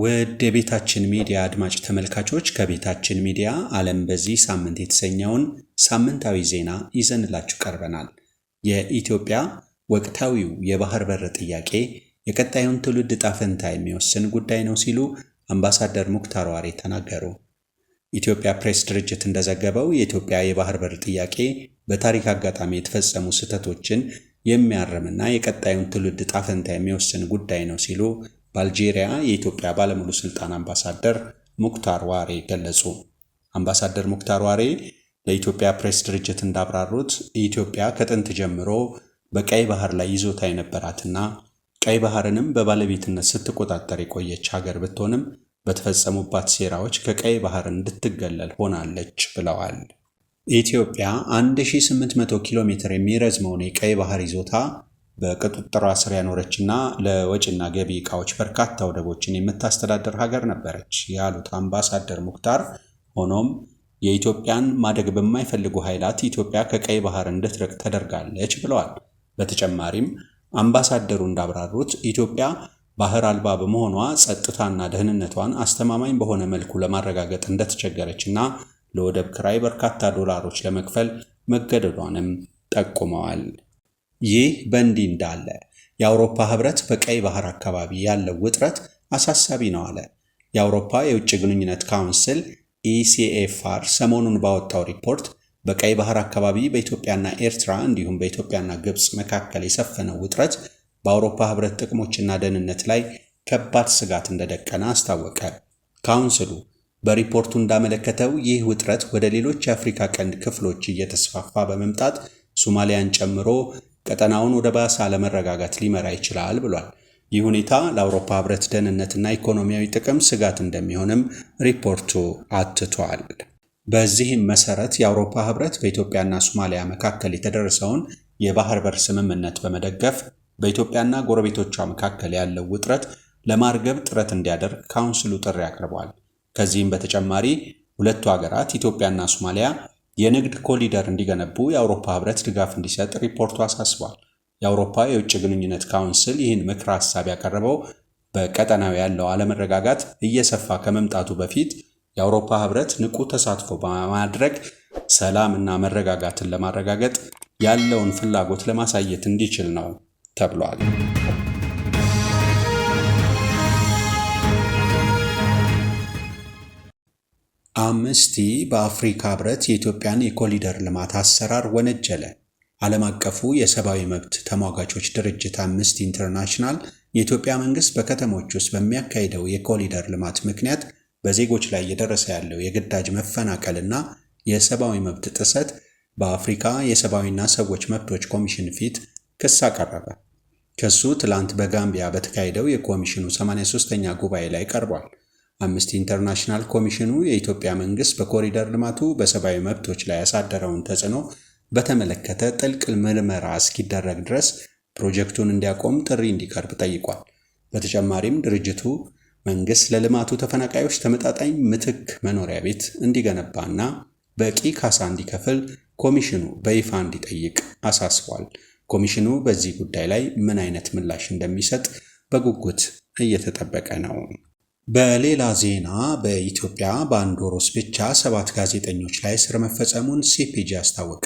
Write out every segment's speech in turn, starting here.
ውድ የቤታችን ሚዲያ አድማጭ ተመልካቾች ከቤታችን ሚዲያ ዓለም በዚህ ሳምንት የተሰኘውን ሳምንታዊ ዜና ይዘንላችሁ ቀርበናል። የኢትዮጵያ ወቅታዊው የባህር በር ጥያቄ የቀጣዩን ትውልድ ጣፈንታ የሚወስን ጉዳይ ነው ሲሉ አምባሳደር ሙክታር ዋሬ ተናገሩ። ኢትዮጵያ ፕሬስ ድርጅት እንደዘገበው የኢትዮጵያ የባህር በር ጥያቄ በታሪክ አጋጣሚ የተፈጸሙ ስህተቶችን የሚያርምና የቀጣዩን ትውልድ ጣፈንታ የሚወስን ጉዳይ ነው ሲሉ በአልጄሪያ የኢትዮጵያ ባለሙሉ ስልጣን አምባሳደር ሙክታር ዋሬ ገለጹ። አምባሳደር ሙክታር ዋሬ ለኢትዮጵያ ፕሬስ ድርጅት እንዳብራሩት ኢትዮጵያ ከጥንት ጀምሮ በቀይ ባህር ላይ ይዞታ የነበራትና ቀይ ባህርንም በባለቤትነት ስትቆጣጠር የቆየች ሀገር ብትሆንም በተፈጸሙባት ሴራዎች ከቀይ ባህር እንድትገለል ሆናለች ብለዋል። ኢትዮጵያ 1800 ኪሎ ሜትር የሚረዝመውን የቀይ ባህር ይዞታ በቁጥጥሯ ስር ያኖረችና ለወጪና ገቢ እቃዎች በርካታ ወደቦችን የምታስተዳደር ሀገር ነበረች ያሉት አምባሳደር ሙክታር፣ ሆኖም የኢትዮጵያን ማደግ በማይፈልጉ ኃይላት ኢትዮጵያ ከቀይ ባህር እንድትርቅ ተደርጋለች ብለዋል። በተጨማሪም አምባሳደሩ እንዳብራሩት ኢትዮጵያ ባህር አልባ በመሆኗ ጸጥታና ደህንነቷን አስተማማኝ በሆነ መልኩ ለማረጋገጥ እንደተቸገረች እና ለወደብ ክራይ በርካታ ዶላሮች ለመክፈል መገደዷንም ጠቁመዋል። ይህ በእንዲህ እንዳለ የአውሮፓ ህብረት በቀይ ባህር አካባቢ ያለው ውጥረት አሳሳቢ ነው አለ። የአውሮፓ የውጭ ግንኙነት ካውንስል ኢሲኤፍአር ሰሞኑን ባወጣው ሪፖርት በቀይ ባህር አካባቢ በኢትዮጵያና ኤርትራ እንዲሁም በኢትዮጵያና ግብፅ መካከል የሰፈነው ውጥረት በአውሮፓ ህብረት ጥቅሞችና ደህንነት ላይ ከባድ ስጋት እንደደቀነ አስታወቀ። ካውንስሉ በሪፖርቱ እንዳመለከተው ይህ ውጥረት ወደ ሌሎች የአፍሪካ ቀንድ ክፍሎች እየተስፋፋ በመምጣት ሶማሊያን ጨምሮ ቀጠናውን ወደ ባሰ አለመረጋጋት ሊመራ ይችላል ብሏል። ይህ ሁኔታ ለአውሮፓ ህብረት ደህንነትና ኢኮኖሚያዊ ጥቅም ስጋት እንደሚሆንም ሪፖርቱ አትቷል። በዚህም መሰረት የአውሮፓ ህብረት በኢትዮጵያና ሶማሊያ መካከል የተደረሰውን የባህር በር ስምምነት በመደገፍ በኢትዮጵያና ጎረቤቶቿ መካከል ያለው ውጥረት ለማርገብ ጥረት እንዲያደርግ ካውንስሉ ጥሪ አቅርቧል። ከዚህም በተጨማሪ ሁለቱ ሀገራት ኢትዮጵያና ሶማሊያ የንግድ ኮሊደር እንዲገነቡ የአውሮፓ ህብረት ድጋፍ እንዲሰጥ ሪፖርቱ አሳስቧል። የአውሮፓ የውጭ ግንኙነት ካውንስል ይህን ምክር ሀሳብ ያቀረበው በቀጠናው ያለው አለመረጋጋት እየሰፋ ከመምጣቱ በፊት የአውሮፓ ህብረት ንቁ ተሳትፎ በማድረግ ሰላም እና መረጋጋትን ለማረጋገጥ ያለውን ፍላጎት ለማሳየት እንዲችል ነው ተብሏል። አምነስቲ በአፍሪካ ህብረት የኢትዮጵያን የኮሊደር ልማት አሰራር ወነጀለ። ዓለም አቀፉ የሰብአዊ መብት ተሟጋቾች ድርጅት አምነስቲ ኢንተርናሽናል የኢትዮጵያ መንግሥት በከተሞች ውስጥ በሚያካሂደው የኮሊደር ልማት ምክንያት በዜጎች ላይ እየደረሰ ያለው የግዳጅ መፈናቀልና የሰብአዊ መብት ጥሰት በአፍሪካ የሰብአዊና ሰዎች መብቶች ኮሚሽን ፊት ክስ አቀረበ። ክሱ ትላንት በጋምቢያ በተካሄደው የኮሚሽኑ 83ኛ ጉባኤ ላይ ቀርቧል። አምነስቲ ኢንተርናሽናል ኮሚሽኑ የኢትዮጵያ መንግስት በኮሪደር ልማቱ በሰብአዊ መብቶች ላይ ያሳደረውን ተጽዕኖ በተመለከተ ጥልቅ ምርመራ እስኪደረግ ድረስ ፕሮጀክቱን እንዲያቆም ጥሪ እንዲቀርብ ጠይቋል። በተጨማሪም ድርጅቱ መንግስት ለልማቱ ተፈናቃዮች ተመጣጣኝ ምትክ መኖሪያ ቤት እንዲገነባና በቂ ካሳ እንዲከፍል ኮሚሽኑ በይፋ እንዲጠይቅ አሳስቧል። ኮሚሽኑ በዚህ ጉዳይ ላይ ምን አይነት ምላሽ እንደሚሰጥ በጉጉት እየተጠበቀ ነው። በሌላ ዜና በኢትዮጵያ በአንድ ወር ውስጥ ብቻ ሰባት ጋዜጠኞች ላይ እስር መፈጸሙን ሲፒጂ አስታወቀ።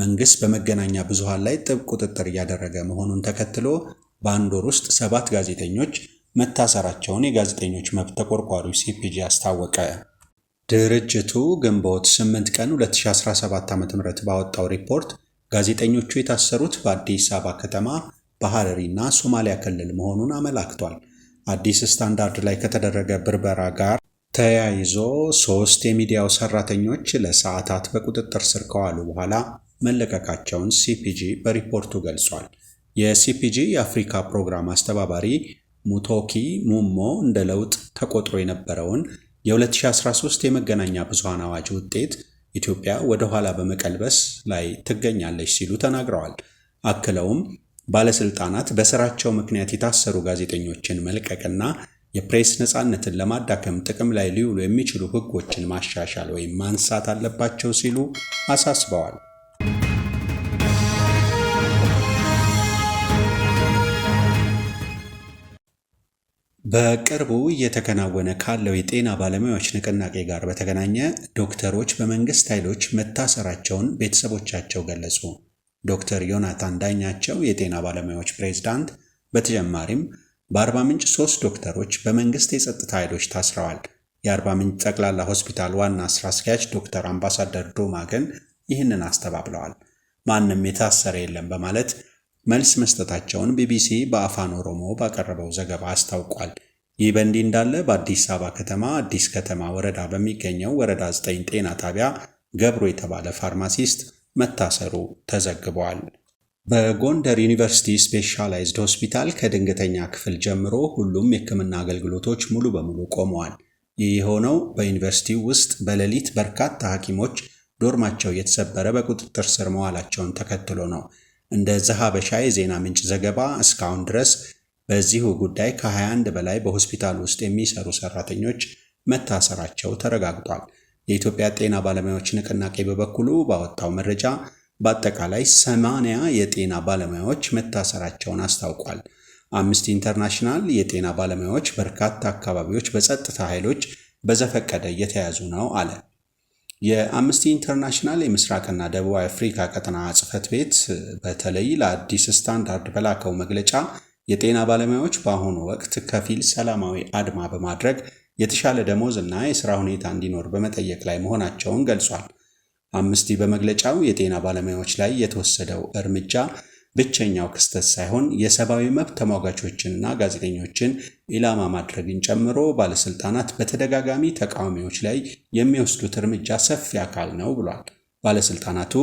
መንግሥት በመገናኛ ብዙሃን ላይ ጥብቅ ቁጥጥር እያደረገ መሆኑን ተከትሎ በአንድ ወር ውስጥ ሰባት ጋዜጠኞች መታሰራቸውን የጋዜጠኞች መብት ተቆርቋሪው ሲፒጂ አስታወቀ። ድርጅቱ ግንቦት 8 ቀን 2017 ዓ.ም ባወጣው ሪፖርት ጋዜጠኞቹ የታሰሩት በአዲስ አበባ ከተማ፣ በሐረሪ እና ሶማሊያ ክልል መሆኑን አመላክቷል። አዲስ ስታንዳርድ ላይ ከተደረገ ብርበራ ጋር ተያይዞ ሶስት የሚዲያው ሰራተኞች ለሰዓታት በቁጥጥር ስር ከዋሉ በኋላ መለቀቃቸውን ሲፒጂ በሪፖርቱ ገልጿል። የሲፒጂ የአፍሪካ ፕሮግራም አስተባባሪ ሙቶኪ ሙሞ እንደ ለውጥ ተቆጥሮ የነበረውን የ2013 የመገናኛ ብዙሃን አዋጅ ውጤት ኢትዮጵያ ወደ ኋላ በመቀልበስ ላይ ትገኛለች ሲሉ ተናግረዋል። አክለውም ባለስልጣናት በስራቸው ምክንያት የታሰሩ ጋዜጠኞችን መልቀቅና የፕሬስ ነፃነትን ለማዳከም ጥቅም ላይ ሊውሉ የሚችሉ ህጎችን ማሻሻል ወይም ማንሳት አለባቸው ሲሉ አሳስበዋል። በቅርቡ እየተከናወነ ካለው የጤና ባለሙያዎች ንቅናቄ ጋር በተገናኘ ዶክተሮች በመንግስት ኃይሎች መታሰራቸውን ቤተሰቦቻቸው ገለጹ። ዶክተር ዮናታን ዳኛቸው የጤና ባለሙያዎች ፕሬዝዳንት፣ በተጨማሪም በአርባ ምንጭ ሶስት ዶክተሮች በመንግስት የጸጥታ ኃይሎች ታስረዋል። የአርባ ምንጭ ጠቅላላ ሆስፒታል ዋና ስራ አስኪያጅ ዶክተር አምባሳደር ዶማ ግን ይህንን አስተባብለዋል። ማንም የታሰረ የለም በማለት መልስ መስጠታቸውን ቢቢሲ በአፋን ኦሮሞ ባቀረበው ዘገባ አስታውቋል። ይህ በእንዲህ እንዳለ በአዲስ አበባ ከተማ አዲስ ከተማ ወረዳ በሚገኘው ወረዳ 9 ጤና ጣቢያ ገብሮ የተባለ ፋርማሲስት መታሰሩ ተዘግቧል። በጎንደር ዩኒቨርሲቲ ስፔሻላይዝድ ሆስፒታል ከድንገተኛ ክፍል ጀምሮ ሁሉም የሕክምና አገልግሎቶች ሙሉ በሙሉ ቆመዋል። ይህ የሆነው በዩኒቨርሲቲው ውስጥ በሌሊት በርካታ ሐኪሞች ዶርማቸው እየተሰበረ በቁጥጥር ስር መዋላቸውን ተከትሎ ነው። እንደ ዘሐበሻ የዜና ምንጭ ዘገባ እስካሁን ድረስ በዚሁ ጉዳይ ከ21 በላይ በሆስፒታል ውስጥ የሚሰሩ ሰራተኞች መታሰራቸው ተረጋግጧል። የኢትዮጵያ ጤና ባለሙያዎች ንቅናቄ በበኩሉ ባወጣው መረጃ በአጠቃላይ ሰማንያ የጤና ባለሙያዎች መታሰራቸውን አስታውቋል። አምነስቲ ኢንተርናሽናል የጤና ባለሙያዎች በርካታ አካባቢዎች በጸጥታ ኃይሎች በዘፈቀደ እየተያዙ ነው አለ። የአምነስቲ ኢንተርናሽናል የምስራቅና ደቡብ አፍሪካ ቀጠና ጽፈት ቤት በተለይ ለአዲስ ስታንዳርድ በላከው መግለጫ የጤና ባለሙያዎች በአሁኑ ወቅት ከፊል ሰላማዊ አድማ በማድረግ የተሻለ ደሞዝ እና የሥራ ሁኔታ እንዲኖር በመጠየቅ ላይ መሆናቸውን ገልጿል። አምነስቲ በመግለጫው የጤና ባለሙያዎች ላይ የተወሰደው እርምጃ ብቸኛው ክስተት ሳይሆን የሰብአዊ መብት ተሟጋቾችንና ጋዜጠኞችን ኢላማ ማድረግን ጨምሮ ባለስልጣናት በተደጋጋሚ ተቃዋሚዎች ላይ የሚወስዱት እርምጃ ሰፊ አካል ነው ብሏል። ባለስልጣናቱ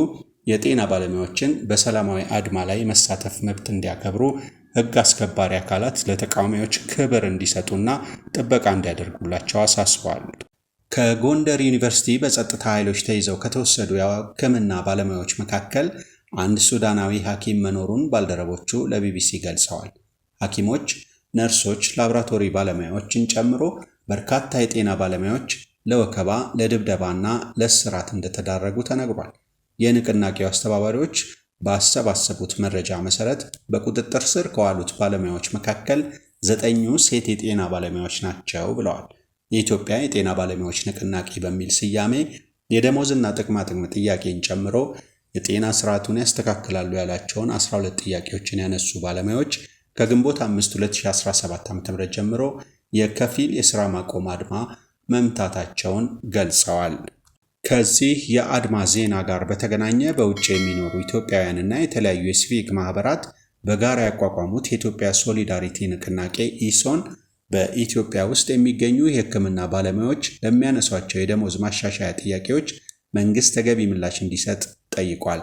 የጤና ባለሙያዎችን በሰላማዊ አድማ ላይ መሳተፍ መብት እንዲያከብሩ ሕግ አስከባሪ አካላት ለተቃዋሚዎች ክብር እንዲሰጡና ጥበቃ እንዲያደርጉላቸው አሳስበዋል። ከጎንደር ዩኒቨርሲቲ በጸጥታ ኃይሎች ተይዘው ከተወሰዱ የሕክምና ባለሙያዎች መካከል አንድ ሱዳናዊ ሐኪም መኖሩን ባልደረቦቹ ለቢቢሲ ገልጸዋል። ሐኪሞች፣ ነርሶች፣ ላብራቶሪ ባለሙያዎችን ጨምሮ በርካታ የጤና ባለሙያዎች ለወከባ ለድብደባና ለእስራት እንደተዳረጉ ተነግሯል። የንቅናቄው አስተባባሪዎች ባሰባሰቡት መረጃ መሰረት በቁጥጥር ስር ከዋሉት ባለሙያዎች መካከል ዘጠኙ ሴት የጤና ባለሙያዎች ናቸው ብለዋል። የኢትዮጵያ የጤና ባለሙያዎች ንቅናቄ በሚል ስያሜ የደሞዝና ጥቅማጥቅም ጥያቄን ጨምሮ የጤና ስርዓቱን ያስተካክላሉ ያላቸውን 12 ጥያቄዎችን ያነሱ ባለሙያዎች ከግንቦት 5 2017 ዓ.ም ጀምሮ የከፊል የሥራ ማቆም አድማ መምታታቸውን ገልጸዋል። ከዚህ የአድማ ዜና ጋር በተገናኘ በውጭ የሚኖሩ ኢትዮጵያውያንና የተለያዩ የሲቪክ ማህበራት በጋራ ያቋቋሙት የኢትዮጵያ ሶሊዳሪቲ ንቅናቄ ኢሶን በኢትዮጵያ ውስጥ የሚገኙ የሕክምና ባለሙያዎች ለሚያነሷቸው የደሞዝ ማሻሻያ ጥያቄዎች መንግስት ተገቢ ምላሽ እንዲሰጥ ጠይቋል።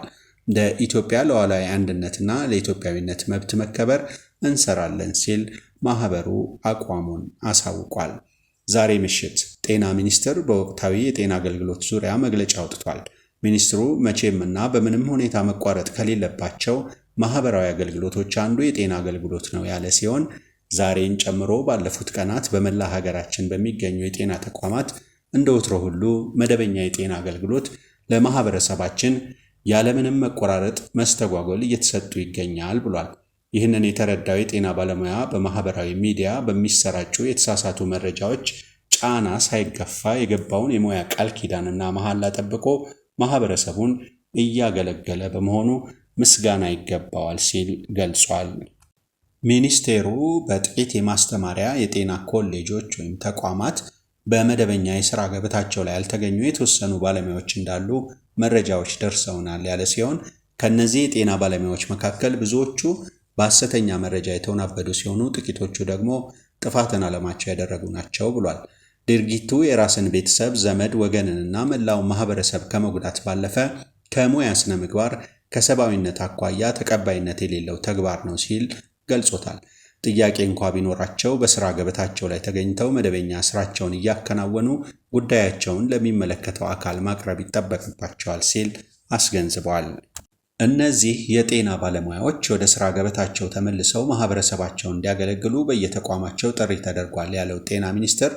ለኢትዮጵያ ሉዓላዊ አንድነትና ለኢትዮጵያዊነት መብት መከበር እንሰራለን ሲል ማህበሩ አቋሙን አሳውቋል። ዛሬ ምሽት ጤና ሚኒስቴር በወቅታዊ የጤና አገልግሎት ዙሪያ መግለጫ አውጥቷል። ሚኒስትሩ መቼም እና በምንም ሁኔታ መቋረጥ ከሌለባቸው ማህበራዊ አገልግሎቶች አንዱ የጤና አገልግሎት ነው ያለ ሲሆን ዛሬን ጨምሮ ባለፉት ቀናት በመላ ሀገራችን በሚገኙ የጤና ተቋማት እንደ ወትሮ ሁሉ መደበኛ የጤና አገልግሎት ለማህበረሰባችን ያለምንም መቆራረጥ መስተጓጎል እየተሰጡ ይገኛል ብሏል። ይህንን የተረዳው የጤና ባለሙያ በማህበራዊ ሚዲያ በሚሰራጩ የተሳሳቱ መረጃዎች ጫና ሳይገፋ የገባውን የሙያ ቃል ኪዳንና መሐላ ጠብቆ ማህበረሰቡን እያገለገለ በመሆኑ ምስጋና ይገባዋል ሲል ገልጿል። ሚኒስቴሩ በጥቂት የማስተማሪያ የጤና ኮሌጆች ወይም ተቋማት በመደበኛ የስራ ገበታቸው ላይ ያልተገኙ የተወሰኑ ባለሙያዎች እንዳሉ መረጃዎች ደርሰውናል ያለ ሲሆን ከነዚህ የጤና ባለሙያዎች መካከል ብዙዎቹ በሐሰተኛ መረጃ የተወናበዱ ሲሆኑ፣ ጥቂቶቹ ደግሞ ጥፋትን ዓላማቸው ያደረጉ ናቸው ብሏል። ድርጊቱ የራስን ቤተሰብ፣ ዘመድ፣ ወገንንና መላው ማህበረሰብ ከመጉዳት ባለፈ ከሙያ ስነ ምግባር ከሰብአዊነት አኳያ ተቀባይነት የሌለው ተግባር ነው ሲል ገልጾታል። ጥያቄ እንኳ ቢኖራቸው በስራ ገበታቸው ላይ ተገኝተው መደበኛ ስራቸውን እያከናወኑ ጉዳያቸውን ለሚመለከተው አካል ማቅረብ ይጠበቅባቸዋል ሲል አስገንዝበዋል። እነዚህ የጤና ባለሙያዎች ወደ ስራ ገበታቸው ተመልሰው ማህበረሰባቸውን እንዲያገለግሉ በየተቋማቸው ጥሪ ተደርጓል ያለው ጤና ሚኒስቴር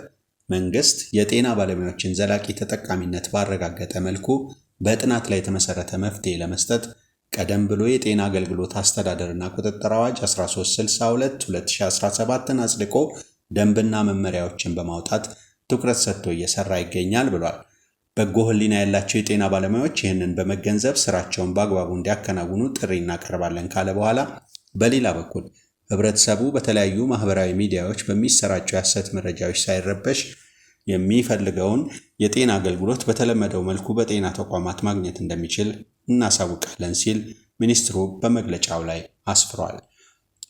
መንግስት የጤና ባለሙያዎችን ዘላቂ ተጠቃሚነት ባረጋገጠ መልኩ በጥናት ላይ የተመሰረተ መፍትሄ ለመስጠት ቀደም ብሎ የጤና አገልግሎት አስተዳደርና ቁጥጥር አዋጅ 1362 2017ን አጽድቆ ደንብና መመሪያዎችን በማውጣት ትኩረት ሰጥቶ እየሰራ ይገኛል ብሏል። በጎ ህሊና ያላቸው የጤና ባለሙያዎች ይህንን በመገንዘብ ስራቸውን በአግባቡ እንዲያከናውኑ ጥሪ እናቀርባለን ካለ በኋላ በሌላ በኩል ህብረተሰቡ በተለያዩ ማህበራዊ ሚዲያዎች በሚሰራጩ የሐሰት መረጃዎች ሳይረበሽ የሚፈልገውን የጤና አገልግሎት በተለመደው መልኩ በጤና ተቋማት ማግኘት እንደሚችል እናሳውቃለን ሲል ሚኒስትሩ በመግለጫው ላይ አስፍሯል።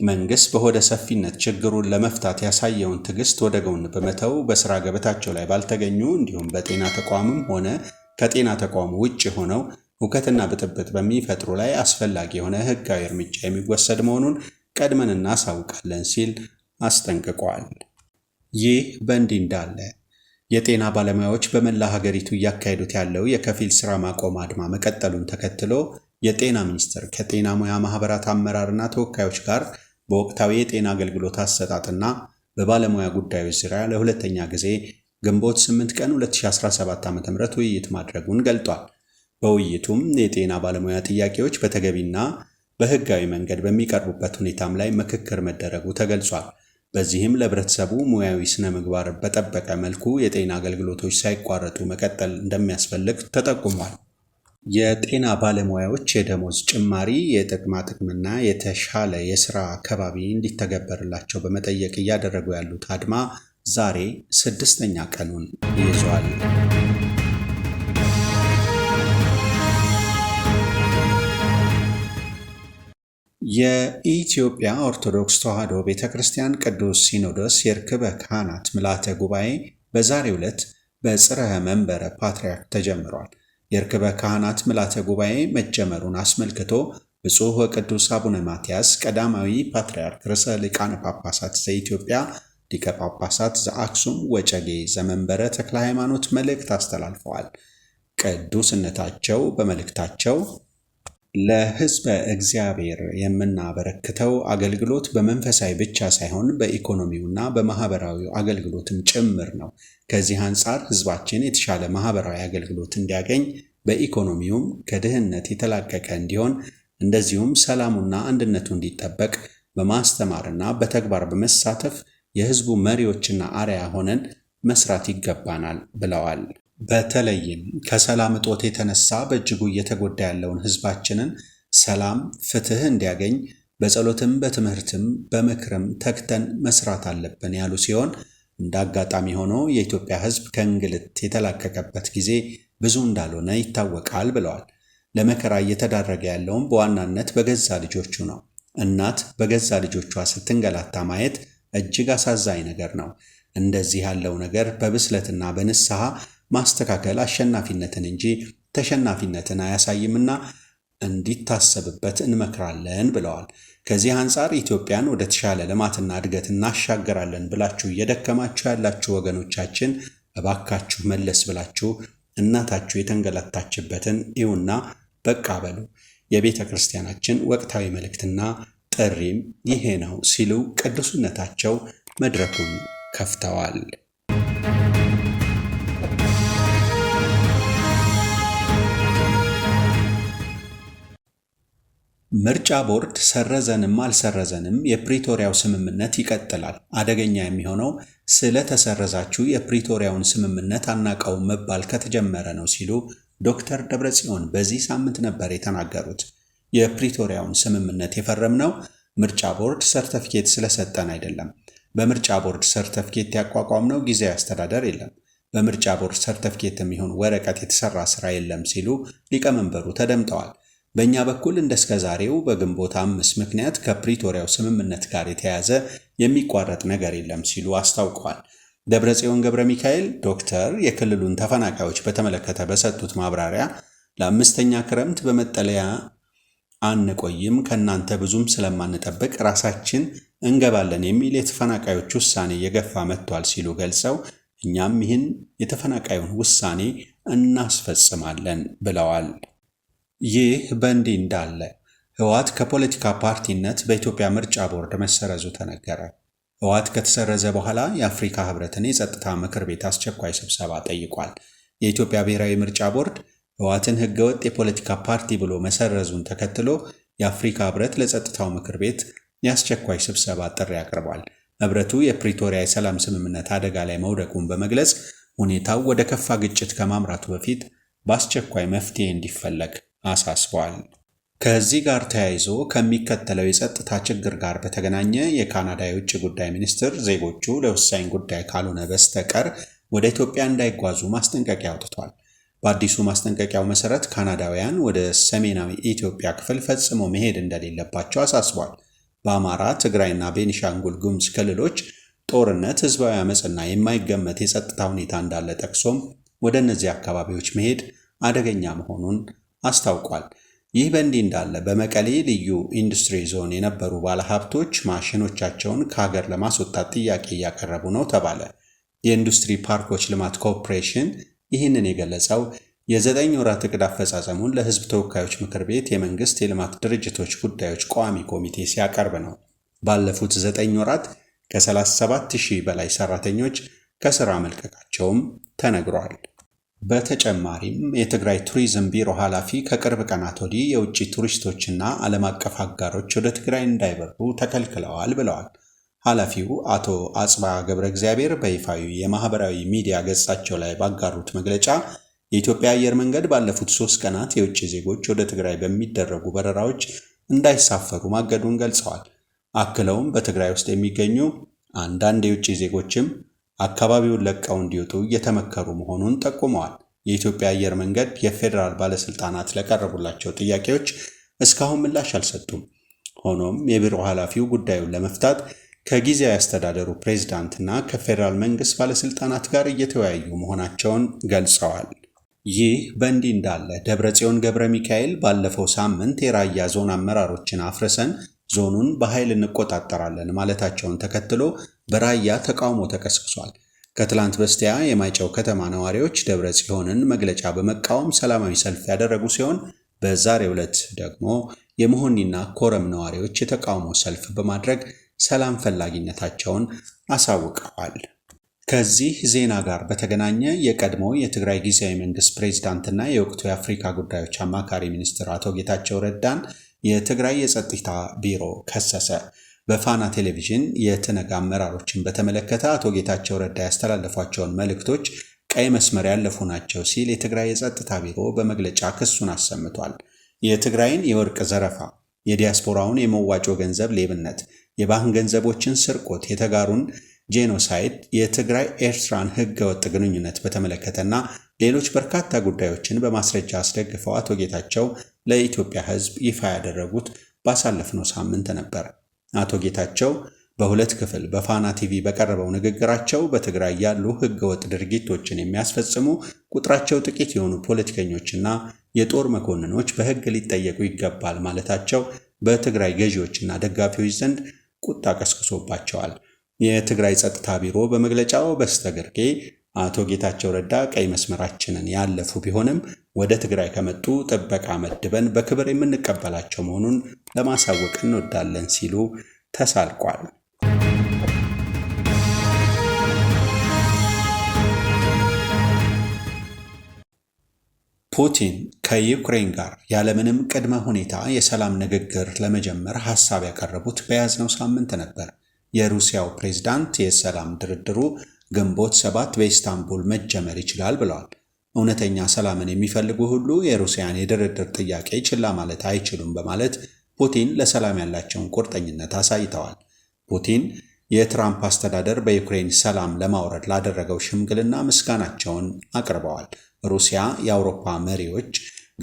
መንግስት በሆደ ሰፊነት ችግሩን ለመፍታት ያሳየውን ትዕግስት ወደ ጎን በመተው በስራ ገበታቸው ላይ ባልተገኙ እንዲሁም በጤና ተቋምም ሆነ ከጤና ተቋሙ ውጭ የሆነው ሁከትና ብጥብጥ በሚፈጥሩ ላይ አስፈላጊ የሆነ ህጋዊ እርምጃ የሚወሰድ መሆኑን ቀድመን እናሳውቃለን ሲል አስጠንቅቋል። ይህ በእንዲህ እንዳለ የጤና ባለሙያዎች በመላ ሀገሪቱ እያካሄዱት ያለው የከፊል ስራ ማቆም አድማ መቀጠሉን ተከትሎ የጤና ሚኒስቴር ከጤና ሙያ ማህበራት አመራርና ተወካዮች ጋር በወቅታዊ የጤና አገልግሎት አሰጣጥና በባለሙያ ጉዳዮች ዙሪያ ለሁለተኛ ጊዜ ግንቦት 8 ቀን 2017 ዓ.ም ውይይት ማድረጉን ገልጧል። በውይይቱም የጤና ባለሙያ ጥያቄዎች በተገቢና በህጋዊ መንገድ በሚቀርቡበት ሁኔታም ላይ ምክክር መደረጉ ተገልጿል። በዚህም ለህብረተሰቡ ሙያዊ ስነ ምግባር በጠበቀ መልኩ የጤና አገልግሎቶች ሳይቋረጡ መቀጠል እንደሚያስፈልግ ተጠቁሟል። የጤና ባለሙያዎች የደሞዝ ጭማሪ የጥቅማ ጥቅምና የተሻለ የስራ አካባቢ እንዲተገበርላቸው በመጠየቅ እያደረጉ ያሉት አድማ ዛሬ ስድስተኛ ቀኑን ይዟል። የኢትዮጵያ ኦርቶዶክስ ተዋሕዶ ቤተ ክርስቲያን ቅዱስ ሲኖዶስ የርክበ ካህናት ምልዓተ ጉባኤ በዛሬው ዕለት በጽርሐ መንበረ ፓትርያርክ ተጀምሯል። የርክበ ካህናት ምልዓተ ጉባኤ መጀመሩን አስመልክቶ ብፁዕ ወቅዱስ አቡነ ማትያስ ቀዳማዊ ፓትርያርክ ርዕሰ ሊቃነ ጳጳሳት ዘኢትዮጵያ ሊቀ ጳጳሳት ዘአክሱም ወጨጌ ዘመንበረ ተክለ ሃይማኖት መልእክት አስተላልፈዋል። ቅዱስነታቸው በመልእክታቸው ለሕዝበ እግዚአብሔር የምናበረክተው አገልግሎት በመንፈሳዊ ብቻ ሳይሆን በኢኮኖሚውና በማህበራዊው አገልግሎትም ጭምር ነው። ከዚህ አንጻር ሕዝባችን የተሻለ ማህበራዊ አገልግሎት እንዲያገኝ፣ በኢኮኖሚውም ከድህነት የተላቀቀ እንዲሆን፣ እንደዚሁም ሰላሙና አንድነቱ እንዲጠበቅ በማስተማርና በተግባር በመሳተፍ የሕዝቡ መሪዎችና አሪያ ሆነን መስራት ይገባናል ብለዋል። በተለይም ከሰላም እጦት የተነሳ በእጅጉ እየተጎዳ ያለውን ህዝባችንን ሰላም፣ ፍትህ እንዲያገኝ በጸሎትም በትምህርትም በምክርም ተግተን መስራት አለብን ያሉ ሲሆን እንደ አጋጣሚ ሆኖ የኢትዮጵያ ህዝብ ከእንግልት የተላቀቀበት ጊዜ ብዙ እንዳልሆነ ይታወቃል ብለዋል። ለመከራ እየተዳረገ ያለውም በዋናነት በገዛ ልጆቹ ነው። እናት በገዛ ልጆቿ ስትንገላታ ማየት እጅግ አሳዛኝ ነገር ነው። እንደዚህ ያለው ነገር በብስለትና በንስሐ ማስተካከል አሸናፊነትን እንጂ ተሸናፊነትን አያሳይምና እንዲታሰብበት እንመክራለን ብለዋል። ከዚህ አንጻር ኢትዮጵያን ወደ ተሻለ ልማትና እድገት እናሻገራለን ብላችሁ እየደከማችሁ ያላችሁ ወገኖቻችን እባካችሁ መለስ ብላችሁ እናታችሁ የተንገላታችበትን ይሁና በቃ በሉ። የቤተ ክርስቲያናችን ወቅታዊ መልእክትና ጥሪም ይሄ ነው ሲሉ ቅዱስነታቸው መድረኩን ከፍተዋል። ምርጫ ቦርድ ሰረዘንም አልሰረዘንም የፕሪቶሪያው ስምምነት ይቀጥላል። አደገኛ የሚሆነው ስለተሰረዛችሁ የፕሪቶሪያውን ስምምነት አናቀው መባል ከተጀመረ ነው ሲሉ ዶክተር ደብረጽዮን በዚህ ሳምንት ነበር የተናገሩት። የፕሪቶሪያውን ስምምነት የፈረምነው ምርጫ ቦርድ ሰርተፍኬት ስለሰጠን አይደለም። በምርጫ ቦርድ ሰርተፍኬት ያቋቋምነው ጊዜያዊ አስተዳደር የለም። በምርጫ ቦርድ ሰርተፍኬት የሚሆን ወረቀት የተሰራ ስራ የለም ሲሉ ሊቀመንበሩ ተደምጠዋል። በእኛ በኩል እንደስከ ዛሬው በግንቦት አምስት ምክንያት ከፕሪቶሪያው ስምምነት ጋር የተያያዘ የሚቋረጥ ነገር የለም ሲሉ አስታውቀዋል። ደብረጽዮን ገብረ ሚካኤል ዶክተር የክልሉን ተፈናቃዮች በተመለከተ በሰጡት ማብራሪያ ለአምስተኛ ክረምት በመጠለያ አንቆይም፣ ከእናንተ ብዙም ስለማንጠብቅ ራሳችን እንገባለን የሚል የተፈናቃዮች ውሳኔ የገፋ መጥቷል ሲሉ ገልጸው እኛም ይህን የተፈናቃዩን ውሳኔ እናስፈጽማለን ብለዋል። ይህ በእንዲህ እንዳለ ህወሓት ከፖለቲካ ፓርቲነት በኢትዮጵያ ምርጫ ቦርድ መሰረዙ ተነገረ። ህወሓት ከተሰረዘ በኋላ የአፍሪካ ህብረትን የጸጥታ ምክር ቤት አስቸኳይ ስብሰባ ጠይቋል። የኢትዮጵያ ብሔራዊ ምርጫ ቦርድ ህወሓትን ህገወጥ የፖለቲካ ፓርቲ ብሎ መሰረዙን ተከትሎ የአፍሪካ ህብረት ለጸጥታው ምክር ቤት የአስቸኳይ ስብሰባ ጥሪ አቅርቧል። ህብረቱ የፕሪቶሪያ የሰላም ስምምነት አደጋ ላይ መውደቁን በመግለጽ ሁኔታው ወደ ከፋ ግጭት ከማምራቱ በፊት በአስቸኳይ መፍትሄ እንዲፈለግ አሳስቧል። ከዚህ ጋር ተያይዞ ከሚከተለው የጸጥታ ችግር ጋር በተገናኘ የካናዳ የውጭ ጉዳይ ሚኒስትር ዜጎቹ ለወሳኝ ጉዳይ ካልሆነ በስተቀር ወደ ኢትዮጵያ እንዳይጓዙ ማስጠንቀቂያ አውጥቷል። በአዲሱ ማስጠንቀቂያው መሰረት ካናዳውያን ወደ ሰሜናዊ ኢትዮጵያ ክፍል ፈጽሞ መሄድ እንደሌለባቸው አሳስቧል። በአማራ ትግራይና ቤኒሻንጉል ጉሙዝ ክልሎች ጦርነት፣ ህዝባዊ አመፅና የማይገመት የጸጥታ ሁኔታ እንዳለ ጠቅሶም ወደ እነዚህ አካባቢዎች መሄድ አደገኛ መሆኑን አስታውቋል። ይህ በእንዲህ እንዳለ በመቀሌ ልዩ ኢንዱስትሪ ዞን የነበሩ ባለሀብቶች ማሽኖቻቸውን ከሀገር ለማስወጣት ጥያቄ እያቀረቡ ነው ተባለ። የኢንዱስትሪ ፓርኮች ልማት ኮርፖሬሽን ይህንን የገለጸው የዘጠኝ ወራት እቅድ አፈጻጸሙን ለሕዝብ ተወካዮች ምክር ቤት የመንግስት የልማት ድርጅቶች ጉዳዮች ቋሚ ኮሚቴ ሲያቀርብ ነው። ባለፉት ዘጠኝ ወራት ከ37 ሺህ በላይ ሰራተኞች ከስራ መልቀቃቸውም ተነግሯል። በተጨማሪም የትግራይ ቱሪዝም ቢሮ ኃላፊ ከቅርብ ቀናት ወዲህ የውጭ ቱሪስቶችና ዓለም አቀፍ አጋሮች ወደ ትግራይ እንዳይበሩ ተከልክለዋል ብለዋል። ኃላፊው አቶ አጽባ ገብረ እግዚአብሔር በይፋዊ የማህበራዊ ሚዲያ ገጻቸው ላይ ባጋሩት መግለጫ የኢትዮጵያ አየር መንገድ ባለፉት ሶስት ቀናት የውጭ ዜጎች ወደ ትግራይ በሚደረጉ በረራዎች እንዳይሳፈሩ ማገዱን ገልጸዋል። አክለውም በትግራይ ውስጥ የሚገኙ አንዳንድ የውጭ ዜጎችም አካባቢውን ለቀው እንዲወጡ እየተመከሩ መሆኑን ጠቁመዋል። የኢትዮጵያ አየር መንገድ የፌዴራል ባለስልጣናት ለቀረቡላቸው ጥያቄዎች እስካሁን ምላሽ አልሰጡም። ሆኖም የቢሮ ኃላፊው ጉዳዩን ለመፍታት ከጊዜያዊ አስተዳደሩ ፕሬዝዳንትና ከፌዴራል መንግስት ባለስልጣናት ጋር እየተወያዩ መሆናቸውን ገልጸዋል። ይህ በእንዲህ እንዳለ ደብረጽዮን ገብረ ሚካኤል ባለፈው ሳምንት የራያ ዞን አመራሮችን አፍርሰን ዞኑን በኃይል እንቆጣጠራለን ማለታቸውን ተከትሎ በራያ ተቃውሞ ተቀስቅሷል። ከትላንት በስቲያ የማይጨው ከተማ ነዋሪዎች ደብረ ጽዮንን መግለጫ በመቃወም ሰላማዊ ሰልፍ ያደረጉ ሲሆን በዛሬ ዕለት ደግሞ የመሆኒና ኮረም ነዋሪዎች የተቃውሞ ሰልፍ በማድረግ ሰላም ፈላጊነታቸውን አሳውቀዋል። ከዚህ ዜና ጋር በተገናኘ የቀድሞ የትግራይ ጊዜያዊ መንግስት ፕሬዚዳንትና የወቅቱ የአፍሪካ ጉዳዮች አማካሪ ሚኒስትር አቶ ጌታቸው ረዳን የትግራይ የጸጥታ ቢሮ ከሰሰ። በፋና ቴሌቪዥን የትነጋ አመራሮችን በተመለከተ አቶ ጌታቸው ረዳ ያስተላለፏቸውን መልእክቶች ቀይ መስመር ያለፉ ናቸው ሲል የትግራይ የጸጥታ ቢሮ በመግለጫ ክሱን አሰምቷል። የትግራይን የወርቅ ዘረፋ፣ የዲያስፖራውን የመዋጮ ገንዘብ ሌብነት፣ የባህን ገንዘቦችን ስርቆት፣ የተጋሩን ጄኖሳይድ፣ የትግራይ ኤርትራን ህገወጥ ግንኙነት በተመለከተና ሌሎች በርካታ ጉዳዮችን በማስረጃ አስደግፈው አቶ ጌታቸው ለኢትዮጵያ ሕዝብ ይፋ ያደረጉት ባሳለፍነው ሳምንት ነበር። አቶ ጌታቸው በሁለት ክፍል በፋና ቲቪ በቀረበው ንግግራቸው በትግራይ ያሉ ህገወጥ ድርጊቶችን የሚያስፈጽሙ ቁጥራቸው ጥቂት የሆኑ ፖለቲከኞችና የጦር መኮንኖች በህግ ሊጠየቁ ይገባል ማለታቸው በትግራይ ገዢዎችና ደጋፊዎች ዘንድ ቁጣ ቀስቅሶባቸዋል። የትግራይ ጸጥታ ቢሮ በመግለጫው በስተግርጌ አቶ ጌታቸው ረዳ ቀይ መስመራችንን ያለፉ ቢሆንም ወደ ትግራይ ከመጡ ጥበቃ መድበን በክብር የምንቀበላቸው መሆኑን ለማሳወቅ እንወዳለን ሲሉ ተሳልቋል። ፑቲን ከዩክሬን ጋር ያለምንም ቅድመ ሁኔታ የሰላም ንግግር ለመጀመር ሀሳብ ያቀረቡት በያዝነው ሳምንት ነበር። የሩሲያው ፕሬዝዳንት የሰላም ድርድሩ ግንቦት ሰባት በኢስታንቡል መጀመር ይችላል ብለዋል። እውነተኛ ሰላምን የሚፈልጉ ሁሉ የሩሲያን የድርድር ጥያቄ ችላ ማለት አይችሉም በማለት ፑቲን ለሰላም ያላቸውን ቁርጠኝነት አሳይተዋል። ፑቲን የትራምፕ አስተዳደር በዩክሬን ሰላም ለማውረድ ላደረገው ሽምግልና ምስጋናቸውን አቅርበዋል። ሩሲያ የአውሮፓ መሪዎች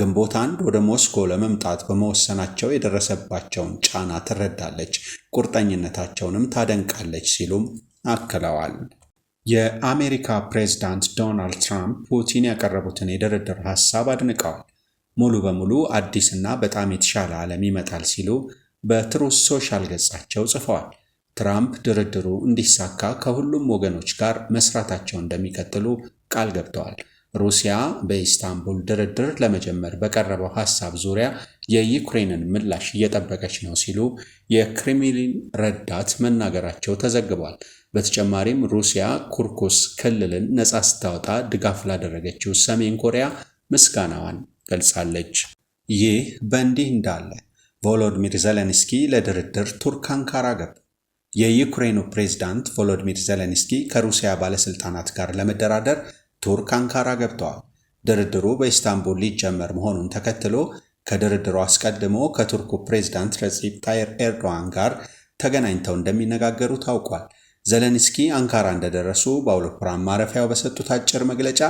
ግንቦት አንድ ወደ ሞስኮ ለመምጣት በመወሰናቸው የደረሰባቸውን ጫና ትረዳለች፣ ቁርጠኝነታቸውንም ታደንቃለች ሲሉም አክለዋል። የአሜሪካ ፕሬዝዳንት ዶናልድ ትራምፕ ፑቲን ያቀረቡትን የድርድር ሐሳብ አድንቀዋል። ሙሉ በሙሉ አዲስና በጣም የተሻለ ዓለም ይመጣል ሲሉ በትሩስ ሶሻል ገጻቸው ጽፈዋል። ትራምፕ ድርድሩ እንዲሳካ ከሁሉም ወገኖች ጋር መስራታቸው እንደሚቀጥሉ ቃል ገብተዋል። ሩሲያ በኢስታንቡል ድርድር ለመጀመር በቀረበው ሀሳብ ዙሪያ የዩክሬንን ምላሽ እየጠበቀች ነው ሲሉ የክሬምሊን ረዳት መናገራቸው ተዘግቧል። በተጨማሪም ሩሲያ ኩርኩስ ክልልን ነጻ ስታወጣ ድጋፍ ላደረገችው ሰሜን ኮሪያ ምስጋናዋን ገልጻለች። ይህ በእንዲህ እንዳለ ቮሎዲሚር ዘለንስኪ ለድርድር ቱርክ አንካራ ገቡ። የዩክሬኑ ፕሬዝዳንት ቮሎዲሚር ዘለንስኪ ከሩሲያ ባለሥልጣናት ጋር ለመደራደር ቱርክ አንካራ ገብተዋል። ድርድሩ በኢስታንቡል ሊጀመር መሆኑን ተከትሎ ከድርድሩ አስቀድሞ ከቱርኩ ፕሬዝዳንት ረሲፕ ታይር ኤርዶዋን ጋር ተገናኝተው እንደሚነጋገሩ ታውቋል። ዘለንስኪ አንካራ እንደደረሱ በአውሮፕላን ማረፊያው በሰጡት አጭር መግለጫ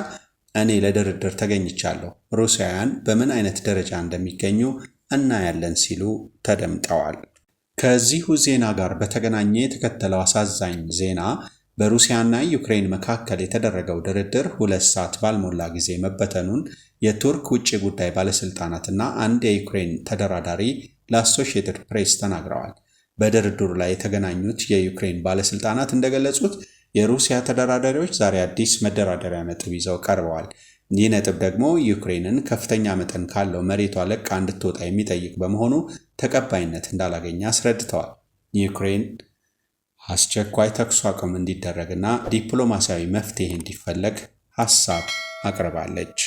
እኔ ለድርድር ተገኝቻለሁ፣ ሩሲያውያን በምን አይነት ደረጃ እንደሚገኙ እናያለን ሲሉ ተደምጠዋል። ከዚሁ ዜና ጋር በተገናኘ የተከተለው አሳዛኝ ዜና በሩሲያና ዩክሬን መካከል የተደረገው ድርድር ሁለት ሰዓት ባልሞላ ጊዜ መበተኑን የቱርክ ውጭ ጉዳይ ባለስልጣናትና አንድ የዩክሬን ተደራዳሪ ለአሶሺየትድ ፕሬስ ተናግረዋል። በድርድሩ ላይ የተገናኙት የዩክሬን ባለስልጣናት እንደገለጹት የሩሲያ ተደራዳሪዎች ዛሬ አዲስ መደራደሪያ ነጥብ ይዘው ቀርበዋል። ይህ ነጥብ ደግሞ ዩክሬንን ከፍተኛ መጠን ካለው መሬቷ ለቃ እንድትወጣ የሚጠይቅ በመሆኑ ተቀባይነት እንዳላገኘ አስረድተዋል። ዩክሬን አስቸኳይ ተኩስ አቁም እንዲደረግና ዲፕሎማሲያዊ መፍትሄ እንዲፈለግ ሀሳብ አቅርባለች።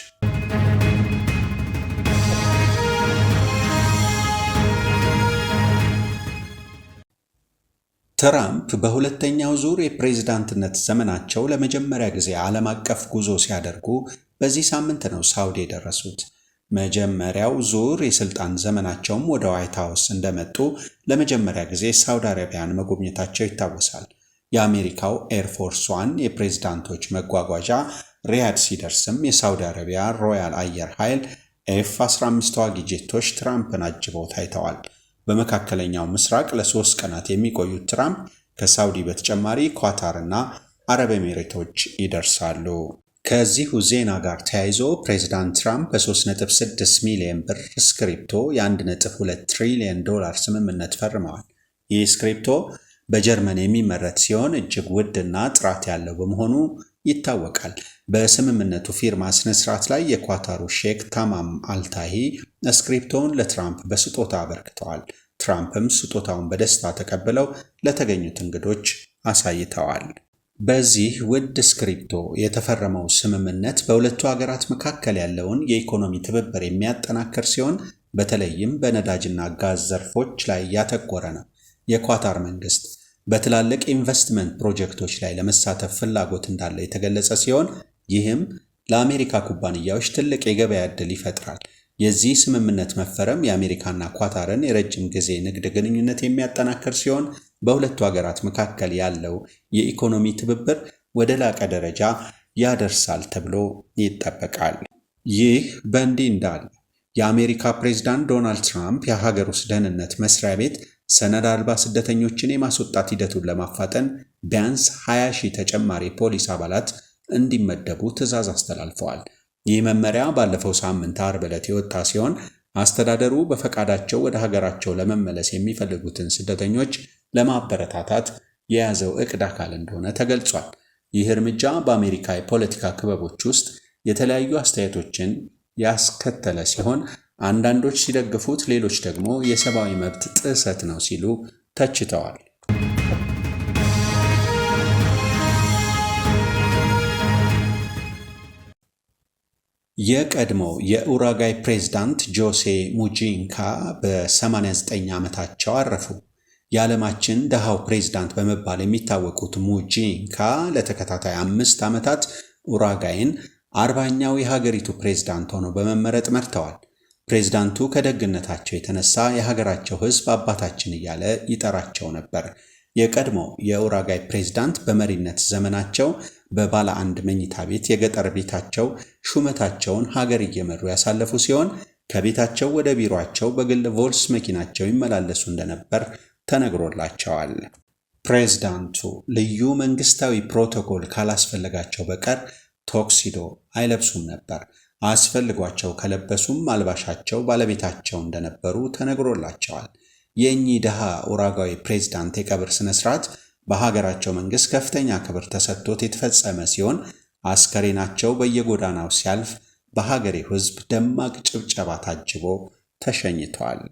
ትራምፕ በሁለተኛው ዙር የፕሬዝዳንትነት ዘመናቸው ለመጀመሪያ ጊዜ ዓለም አቀፍ ጉዞ ሲያደርጉ በዚህ ሳምንት ነው ሳውዲ የደረሱት። መጀመሪያው ዙር የስልጣን ዘመናቸውም ወደ ዋይት ሀውስ እንደመጡ ለመጀመሪያ ጊዜ ሳውዲ አረቢያን መጎብኘታቸው ይታወሳል። የአሜሪካው ኤርፎርስ ዋን የፕሬዝዳንቶች መጓጓዣ ሪያድ ሲደርስም የሳውዲ አረቢያ ሮያል አየር ኃይል ኤፍ 15 ተዋጊ ጄቶች ትራምፕን አጅበው ታይተዋል። በመካከለኛው ምስራቅ ለሶስት ቀናት የሚቆዩት ትራምፕ ከሳውዲ በተጨማሪ ኳታርና አረብ ኤሚሬቶች ይደርሳሉ። ከዚሁ ዜና ጋር ተያይዞ ፕሬዚዳንት ትራምፕ በ3.6 ሚሊዮን ብር ስክሪፕቶ የ1.2 ትሪሊዮን ዶላር ስምምነት ፈርመዋል። ይህ ስክሪፕቶ በጀርመን የሚመረት ሲሆን እጅግ ውድ እና ጥራት ያለው በመሆኑ ይታወቃል። በስምምነቱ ፊርማ ስነስርዓት ላይ የኳታሩ ሼክ ታማም አልታሂ ስክሪፕቶውን ለትራምፕ በስጦታ አበርክተዋል። ትራምፕም ስጦታውን በደስታ ተቀብለው ለተገኙት እንግዶች አሳይተዋል። በዚህ ውድ ስክሪፕቶ የተፈረመው ስምምነት በሁለቱ ሀገራት መካከል ያለውን የኢኮኖሚ ትብብር የሚያጠናክር ሲሆን በተለይም በነዳጅና ጋዝ ዘርፎች ላይ ያተኮረ ነው። የኳታር መንግስት በትላልቅ ኢንቨስትመንት ፕሮጀክቶች ላይ ለመሳተፍ ፍላጎት እንዳለ የተገለጸ ሲሆን ይህም ለአሜሪካ ኩባንያዎች ትልቅ የገበያ ዕድል ይፈጥራል። የዚህ ስምምነት መፈረም የአሜሪካና ኳታርን የረጅም ጊዜ ንግድ ግንኙነት የሚያጠናክር ሲሆን በሁለቱ ሀገራት መካከል ያለው የኢኮኖሚ ትብብር ወደ ላቀ ደረጃ ያደርሳል ተብሎ ይጠበቃል። ይህ በእንዲህ እንዳለ የአሜሪካ ፕሬዝዳንት ዶናልድ ትራምፕ የሀገር ውስጥ ደህንነት መስሪያ ቤት ሰነድ አልባ ስደተኞችን የማስወጣት ሂደቱን ለማፋጠን ቢያንስ 20 ሺህ ተጨማሪ ፖሊስ አባላት እንዲመደቡ ትዕዛዝ አስተላልፈዋል። ይህ መመሪያ ባለፈው ሳምንት አርብ ዕለት የወጣ ሲሆን አስተዳደሩ በፈቃዳቸው ወደ ሀገራቸው ለመመለስ የሚፈልጉትን ስደተኞች ለማበረታታት የያዘው እቅድ አካል እንደሆነ ተገልጿል። ይህ እርምጃ በአሜሪካ የፖለቲካ ክበቦች ውስጥ የተለያዩ አስተያየቶችን ያስከተለ ሲሆን አንዳንዶች ሲደግፉት፣ ሌሎች ደግሞ የሰብአዊ መብት ጥሰት ነው ሲሉ ተችተዋል። የቀድሞው የኡራጋይ ፕሬዝዳንት ጆሴ ሙጂንካ በ89 ዓመታቸው አረፉ። የዓለማችን ደሃው ፕሬዝዳንት በመባል የሚታወቁት ሙጂንካ ለተከታታይ አምስት ዓመታት ኡራጋይን አርባኛው የሀገሪቱ ፕሬዝዳንት ሆነው በመመረጥ መርተዋል። ፕሬዝዳንቱ ከደግነታቸው የተነሳ የሀገራቸው ሕዝብ አባታችን እያለ ይጠራቸው ነበር። የቀድሞ የኡራጋይ ፕሬዝዳንት በመሪነት ዘመናቸው በባለ አንድ መኝታ ቤት የገጠር ቤታቸው ሹመታቸውን ሀገር እየመሩ ያሳለፉ ሲሆን ከቤታቸው ወደ ቢሮአቸው በግል ቮልስ መኪናቸው ይመላለሱ እንደነበር ተነግሮላቸዋል። ፕሬዝዳንቱ ልዩ መንግስታዊ ፕሮቶኮል ካላስፈለጋቸው በቀር ቶክሲዶ አይለብሱም ነበር። አስፈልጓቸው ከለበሱም አልባሻቸው ባለቤታቸው እንደነበሩ ተነግሮላቸዋል። የእኚህ ድሃ ኡራጓዊ ፕሬዝዳንት የቀብር ስነ ስርዓት በሀገራቸው መንግስት ከፍተኛ ክብር ተሰጥቶት የተፈጸመ ሲሆን አስከሬናቸው በየጎዳናው ሲያልፍ በሀገሬው ሕዝብ ደማቅ ጭብጨባ ታጅቦ ተሸኝተዋል።